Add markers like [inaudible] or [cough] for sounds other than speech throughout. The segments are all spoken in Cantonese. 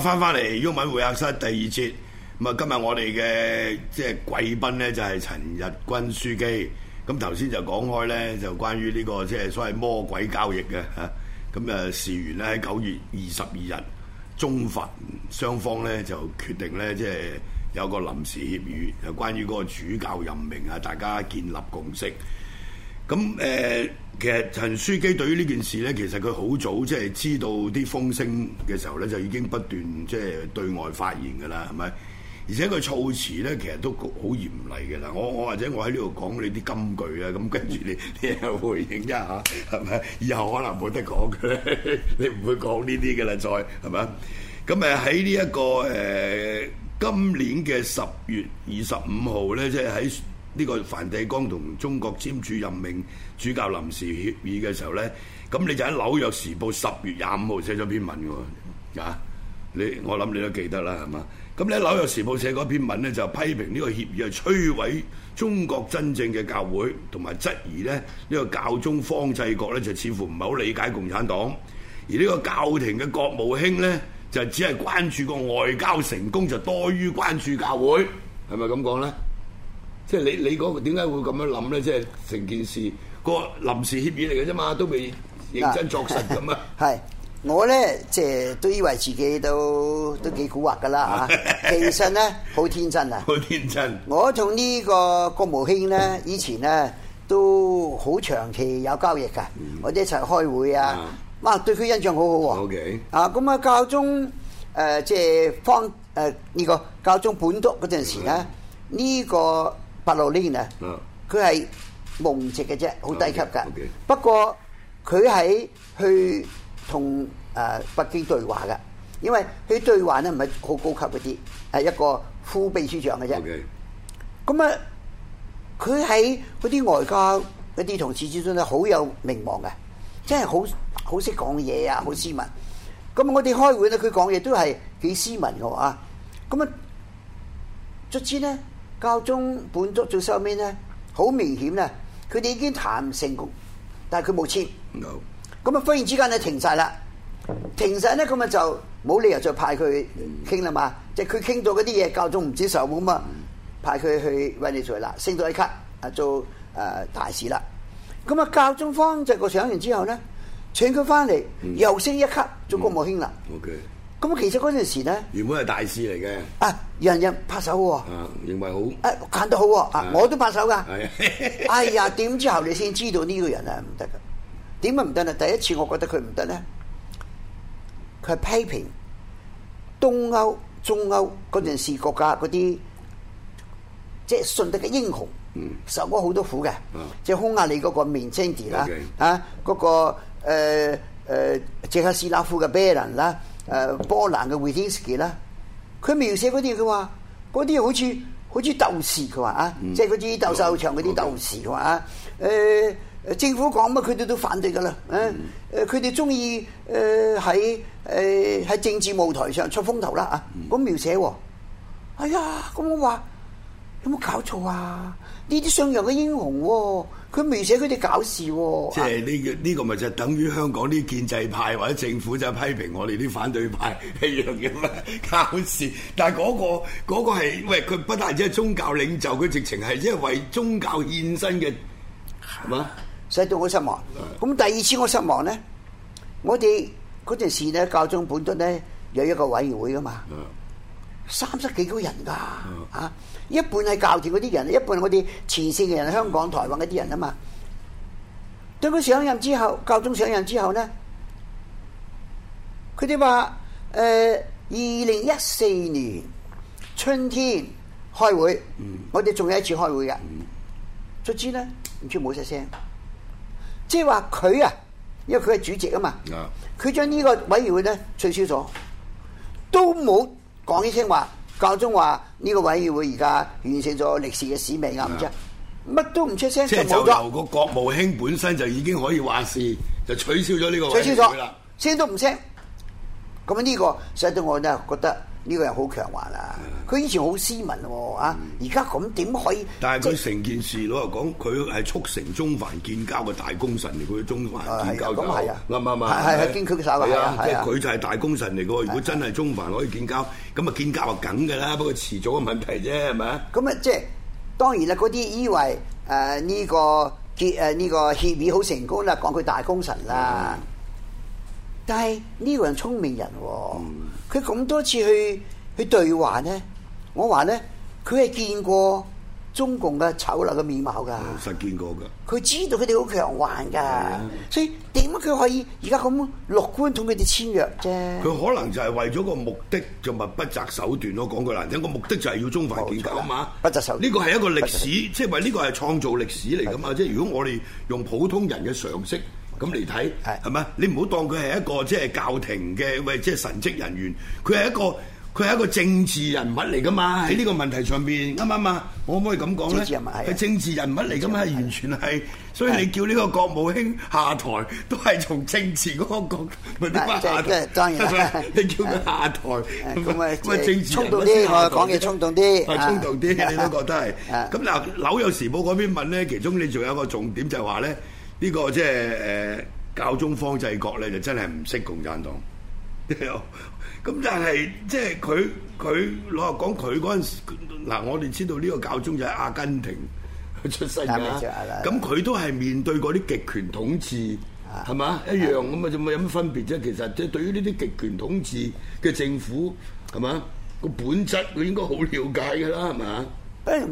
翻翻嚟毓民會客室第二節咁啊，今日我哋嘅即係貴賓呢，就係陳日君樞機，咁頭先就講開呢，就關於呢個即係所謂魔鬼交易嘅嚇，咁啊事緣呢，喺九月二十二日，中法雙方呢就決定呢，即係有個臨時協議，就關於嗰個主教任命啊，大家建立共識。咁、嗯、誒，其實陳樞機對於呢件事咧，其實佢好早即係知道啲風聲嘅時候咧，就已經不斷即係對外發言㗎啦，係咪？而且佢措辭咧，其實都好嚴厲嘅啦。我我或者我喺呢度講你啲金句啊，咁跟住你你回應一下，係咪？以後可能冇得 [laughs] 會講嘅，你唔會講呢啲嘅啦，再係咪？咁誒喺呢一個誒今年嘅十月二十五號咧，即係喺。呢、個梵蒂岡同中國簽署任命主教臨時協議嘅時候呢，咁你就喺紐約時報十月廿五號寫咗篇文喎，你我諗你都記得啦，係嘛？咁你喺紐約時報寫嗰篇文呢，就批評呢個協議係摧毀中國真正嘅教會，同埋質疑呢，呢、個教宗方濟各呢，就似乎唔係好理解共產黨，而呢個教廷嘅國務卿呢，就只係關注個外交成功就多於關注教會，係咪咁講呢？即係你你嗰、那個點解會咁樣諗咧？即係成件事、那個臨時協議嚟嘅啫嘛，都未認真作實咁啊！係 [laughs] 我咧，即係都以為自己都都幾蠱惑噶啦嚇。其實咧，好天真啊！好天真！我同呢個國務卿咧，以前咧都好長期有交易㗎、嗯。我哋一齊開會啊，哇、啊！對佢印象好好喎。Ok，啊咁啊！教宗誒即係方誒呢個教宗本篤嗰陣時咧，呢、呃這個。白洛寧啊，佢係蒙籍嘅啫，好低級噶。啊、okay, okay, 不過佢喺去同誒、呃、北京對話噶，因為佢對話咧唔係好高級嗰啲，係一個副秘書長嘅啫。咁、okay, 啊，佢喺嗰啲外交嗰啲同事之中咧，好有名望嘅，真係好好識講嘢啊，好斯文。咁、嗯、我哋開會咧，佢講嘢都係幾斯文嘅啊。咁啊，卒之咧。教宗本篤最收尾咧，好明顯咧，佢哋已經談成功，但係佢冇簽。咁啊，忽然之間咧停晒啦，停晒咧，咁啊就冇理由再派佢傾啦嘛。Mm. 即係佢傾到嗰啲嘢，教宗唔接受冇啊，派佢去威尼斯啦，升到一級啊，做誒、呃、大使啦。咁啊，教宗方濟各上完之後咧，請佢翻嚟又升一級做國務卿啦。咁其實嗰陣時咧，原本係大事嚟嘅啊，人人拍手喎啊，認、啊、為好啊，好啊，揀得好喎啊，我都拍手噶。係啊，哎呀，點之後你先知道呢個人係唔得嘅？點解唔得啊？第一次我覺得佢唔得咧，佢批評東歐、中歐嗰陣時國家嗰啲即係信德嘅英雄，嗯、受過好多苦嘅、嗯，即係匈牙利嗰個面青地啦啊，嗰、嗯啊那個誒誒捷克斯拉夫嘅 bear 人、啊、啦。誒波蘭嘅維天斯基啦，佢描寫嗰啲佢話，嗰啲好似好似鬥士的，佢、嗯就是、話啊，即係嗰啲鬥獸場嗰啲鬥士，佢話啊，誒政府講乜佢哋都反對噶啦，誒誒佢哋中意誒喺誒喺政治舞台上出風頭啦啊，咁描寫喎，哎呀咁我話。有冇搞錯啊？呢啲信仰嘅英雄、哦，佢未寫佢哋搞事、哦。即係呢個呢、啊這個咪就等於香港啲建制派或者政府就批評我哋啲反對派一樣嘅咩搞事？但係嗰、那個嗰、那個係喂，佢不但止係宗教領袖，佢直情係因為宗教獻身嘅，係嘛？所以都好失望。咁第二次我失望咧，我哋嗰陣時咧教宗本篤咧有一個委員會噶嘛。嗯三十幾多個人噶，啊、嗯！一半係教條嗰啲人，一半我哋前線嘅人，香港、台灣嗰啲人啊嘛。當佢上任之後，教宗上任之後咧，佢哋話：誒、呃，二零一四年春天開會，嗯、我哋仲有一次開會嘅，卒、嗯、之啦。唔知冇出聲，即係話佢啊，因為佢係主席啊嘛，佢將呢個委員會咧取消咗，都冇。講起聲話，教宗話呢個委員會而家完成咗歷史嘅使命啊！唔知乜都唔出聲，即係冇咗個國務卿本身就已經可以話事，就取消咗呢個取消咗啦，聲都唔聲，咁呢、呢個使到我呢，我覺得。呢、這個又好強橫啊！佢以前好斯文喎啊！而家咁點可以？但係佢成件事攞嚟講，佢、就、係、是、促成中梵建交嘅大功臣嚟。佢中梵建交就咁係啊！啱唔啱啊？係係經佢手㗎係啊！即係佢就係、是、大功臣嚟㗎。如果真係中梵可以建交，咁啊建交啊梗㗎啦。不過遲早嘅問題啫，係咪啊？咁、就是、啊，即係當然啦。嗰啲以為誒呢、呃這個結誒呢、呃這個協議好成功啦，講佢大功臣啦。但係呢個人聰明人、哦，佢、嗯、咁多次去去對話咧，我話咧，佢係見過中共嘅醜陋嘅面貌噶實見過噶。佢知道佢哋好強橫噶、嗯，所以點解佢可以而家咁樂觀同佢哋簽約啫？佢可能就係為咗個目的就咪不擇手段咯。講句難聽，個目的就係要中法建交啊嘛。不擇手段呢、呢個係一個歷史，即係話呢個係創造歷史嚟噶嘛。即係如果我哋用普通人嘅常識。咁嚟睇係係咪啊？你唔好當佢係一個即係教廷嘅喂，即係神職人員，佢係一個佢係一個政治人物嚟㗎嘛，喺呢個問題上邊啱唔啱啊？我可唔可以咁講咧？政治人物係。佢政治人物嚟，咁係完全係，所以你叫呢個國務卿下台，都係從政治嗰個角度唔得下台。即係當然啦，你叫佢下台。咁啊，咁啊，衝動啲，講嘢衝動啲，衝動啲，你都覺得係。咁嗱，紐約時報嗰邊問咧，其中你仲有一個重點就係話咧。呢、這個即係誒教宗方濟各咧，就真係唔識共產黨。咁 [laughs] 但係即係佢佢老實講佢嗰陣時，嗱我哋知道呢個教宗就係阿根廷出身嘅，咁佢都係面對嗰啲極權統治，係嘛一樣咁啊，就冇有乜分別啫？其實即係對於呢啲極權統治嘅政府，係嘛，個本質佢應該好了解嘅啦，係咪？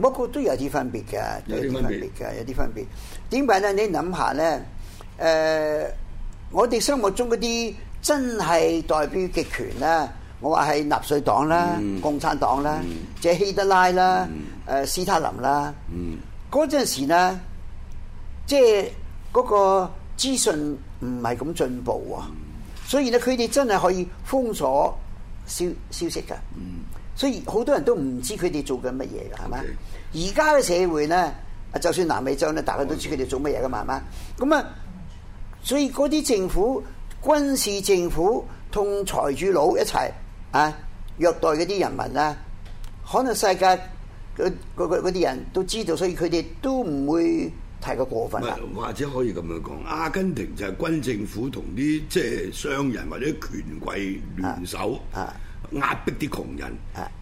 不過都有啲分別嘅，有啲分別嘅，有啲分別。點解咧？你諗下咧？誒、呃，我哋心目中嗰啲真係代表極權是啦，我話係納粹黨啦、共產黨啦、即、嗯、係、就是、希特拉啦、誒、嗯呃、斯塔林啦，嗰、嗯、陣時咧，即係嗰個資訊唔係咁進步啊，嗯、所以咧佢哋真係可以封鎖消消息嘅。嗯所以好多人都唔知佢哋做緊乜嘢㗎，係嘛？而家嘅社會咧，就算南美洲咧，大家都知佢哋做乜嘢㗎嘛，係嘛？咁啊，所以嗰啲政府、軍事政府同財主佬一齊啊，虐待嗰啲人民啊，可能世界嗰啲人都知道，所以佢哋都唔會太過過分呀。或者可以咁樣講，阿根廷就係軍政府同啲即係商人或者權貴聯手。啊。啊壓迫啲窮人，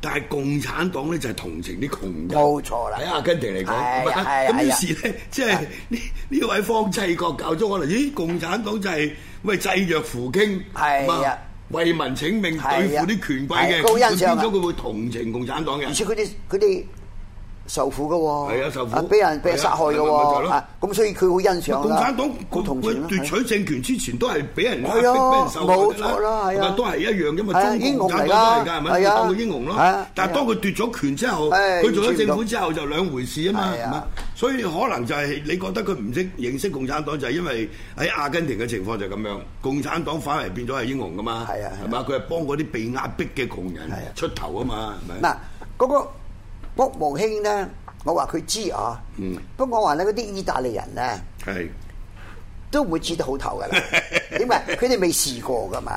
但係共產黨咧就係同情啲窮人，冇錯啦。喺阿根廷嚟講，咁於是咧、啊啊啊，即係呢呢位方濟各教咗我嚟。咦，共產黨就係、是、為濟弱扶傾，係嘛、啊？為民請命，啊、對付啲權貴嘅，佢變咗佢會同情共產黨嘅，而且佢哋佢哋。受苦噶，係啊，受苦，俾人俾人殺害噶，咁、啊啊就是啊啊、所以佢好欣賞共產黨，佢同佢奪取政權之前都係俾人壓迫、俾、啊、人受苦啦，係啊，都係一樣嘅嘛。中共、共產黨都係噶，咪、啊啊啊、當佢英雄咯。啊、但係當佢奪咗權之後，佢、啊、做咗政府之後就兩回事嘛啊嘛。所以可能就係你覺得佢唔識認識共產黨，就係因為喺阿根廷嘅情況就係咁樣，共產黨反而變咗係英雄噶嘛。係啊，係嘛、啊？佢係幫嗰啲被壓迫嘅窮人出頭啊嘛。係咪、啊？嗱、啊，嗰、啊嗰個。卜忘卿呢，我話佢知啊，嗯、不過話你嗰啲意大利人咧，都唔會知得好透噶啦， [laughs] 因為佢哋未試過噶嘛。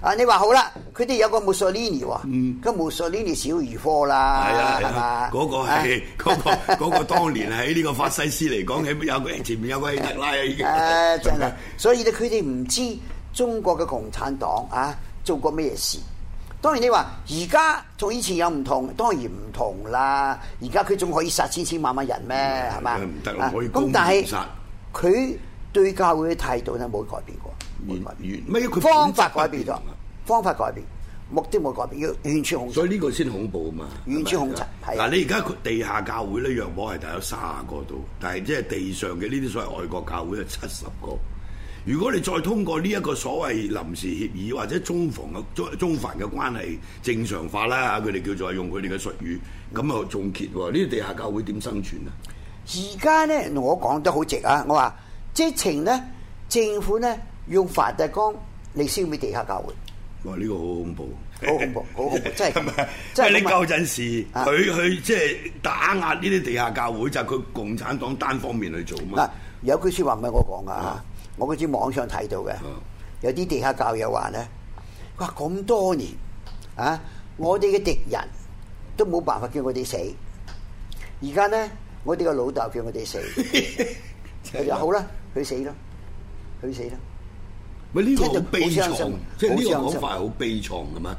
啊，你話好啦，佢哋有個 Mussolini 喎、哦，嗯，那個 Mussolini 小兒科啦，係嘛？嗰、那個係嗰個嗰個，那個、當年喺呢個法西斯嚟講，起有個前面有個希特拉啊，已經。誒，真係，所以咧，佢哋唔知中國嘅共產黨啊做過咩事。當然你話而家同以前有唔同，當然唔同啦。而家佢仲可以殺千千萬萬人咩？係、嗯、嘛？唔得啦，嗯、可以攻殺。但係佢、嗯、對教會嘅態度咧冇改變過，原改變過原變，方法改變咗，方法改變，目的冇改變，要完全控制。所以呢個先恐怖啊嘛，完全控制。嗱，你而家地下教會咧，若果係有三十個度，但係即係地上嘅呢啲所謂外國教會係七十個。如果你再通過呢一個所謂臨時協議或者中梵嘅中中梵嘅關係正常化啦，佢哋叫做用佢哋嘅術語，咁啊總結喎？呢啲地下教會點生存啊？而家咧，我講得好直啊！我話即情咧，政府咧用梵蒂岡嚟消滅地下教會，哇！呢、這個好恐怖，好恐怖，好 [laughs] 恐怖，真係真係你舊陣時佢去即係打壓呢啲地下教會，就係、是、佢共產黨單方面去做啊嘛。有句説話唔係我講噶。啊我嗰次網上睇到嘅，有啲地下教友話咧，哇，咁多年啊，我哋嘅敵人都冇辦法叫我哋死，而家咧，我哋嘅老豆叫我哋死，又 [laughs] 好啦，佢 [laughs] 死啦，佢死啦。咪呢、呢個悲慘，即係呢個講法係好悲慘噶嘛？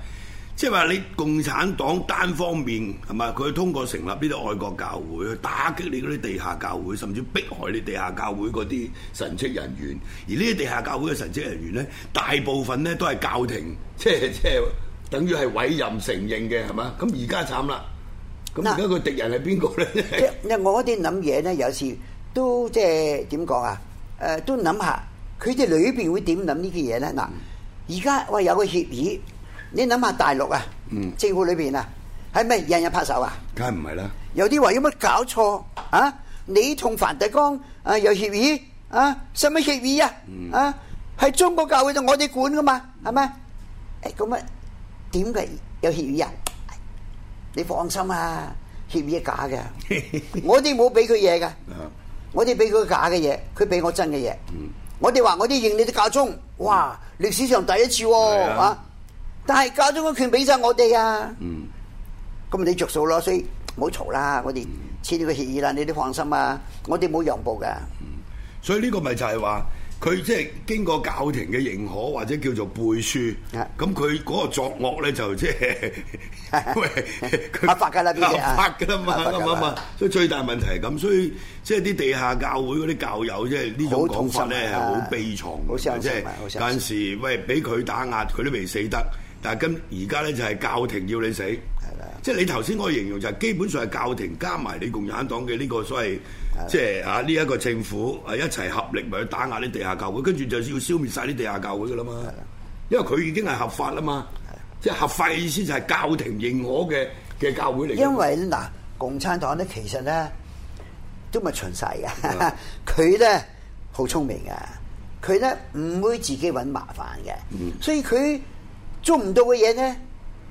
即係話你共產黨單方面係嘛？佢通過成立呢啲愛國教會，打擊你嗰啲地下教會，甚至迫害你地下教會嗰啲神職人員。而呢啲地下教會嘅神職人員咧，大部分咧都係教廷，即係即係等於係委任承認嘅，係嘛？咁而家慘啦，咁而家個敵人係邊個咧？啊就是、我係，我啲諗嘢咧，有時都即係點講啊？誒、呃，都諗下佢哋裏邊會點諗呢啲嘢咧？嗱，而家喂有個協議。你諗下大陸啊，政府裏邊啊，係咪日日拍手啊？梗係唔係啦。有啲話有乜搞錯啊？你同梵蒂岡，啊有協議啊？什麼協議啊？嗯、啊，係中國教會就我哋管噶嘛，係咪？誒、哎，咁啊，點解，有協議啊？你放心啊，協議係假嘅， [laughs] 我哋冇俾佢嘢噶，我哋俾佢假嘅嘢，佢俾我真嘅嘢。我哋話我哋認你啲教宗，哇，歷史上第一次喎啊！但係教咗個權俾晒我哋啊，咁你着數咯，所以唔好嘈啦。我哋簽咗個協議啦，你都放心啊。我哋冇讓步嘅，所以呢個咪就係話佢即係經過教廷嘅認可或者叫做背書，咁佢嗰個作惡咧就即係合法嘅啦，合法嘅啦嘛，咁啊嘛啊。所以最大問題係咁，所以即係啲地下教會嗰啲教友即係呢種講法咧，好悲慘，即係有陣時喂俾佢打壓，佢都未死得。但係咁而家咧就係教廷要你死係啦，即係你頭先我形容就係基本上係教廷加埋你共產黨嘅呢個所謂即係啊呢一個政府，係一齊合力咪去打壓啲地下教會，跟住就要消滅晒啲地下教會噶啦嘛。因為佢已經係合法啦嘛，係即係合法意思就係教廷認可嘅嘅教會嚟。因為嗱、呃，共產黨咧其實咧都唔係蠢曬嘅，佢咧好聰明嘅，佢咧唔會自己揾麻煩嘅、嗯，所以佢。捉唔到嘅嘢咧，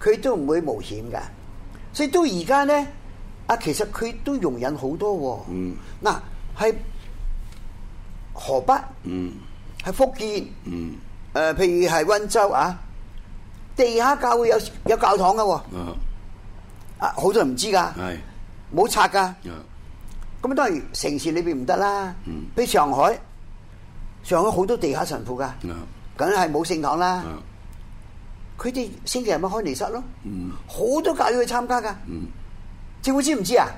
佢都唔會冒險噶。所以到而家咧，啊，其實佢都容忍好多，啊。嗯、啊，嗱，喺河北，嗯，喺福建，嗯、呃，誒，譬如係温州啊，地下教會有有教堂噶。嗯，啊，啊，好多人唔知噶，係冇拆噶。咁、啊、當然城市裏邊唔得啦。嗯，比上海，上海好多地下神父噶。梗係冇聖堂啦。啊佢哋星期日咪開彌撒咯，好、嗯、多教友去參加噶。政、嗯、府知唔知啊？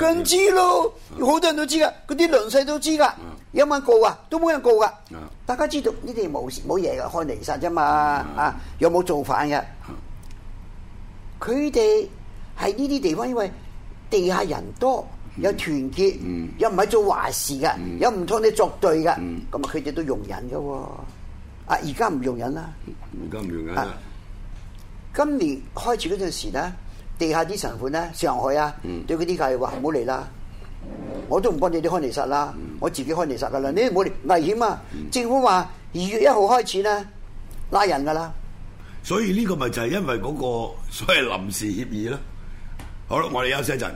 梗知，知，知咯，好、嗯、多人都知噶，佢啲鄰舍都知噶，有冇告啊？都冇人告噶、嗯。大家知道呢啲冇冇嘢噶，開彌撒啫嘛。啊，又冇造反噶。佢哋係呢啲地方，因為地下人多，有團結，又唔係做壞事噶，又唔同、嗯、你作對噶。咁、嗯、啊，佢哋都容忍噶。啊！而家唔用忍啦，而家唔用忍，今年開始嗰陣時咧，地下啲存款咧，上海啊，嗯、對嗰啲計劃話唔好嚟啦，我都唔幫你啲開彌撒啦，嗯、我自己開彌撒噶啦，你唔好嚟，危險啊！嗯、政府話二月一號開始咧，拉人噶啦。所以呢個咪就係因為嗰個所謂臨時協議咯。好啦，我哋休息一陣。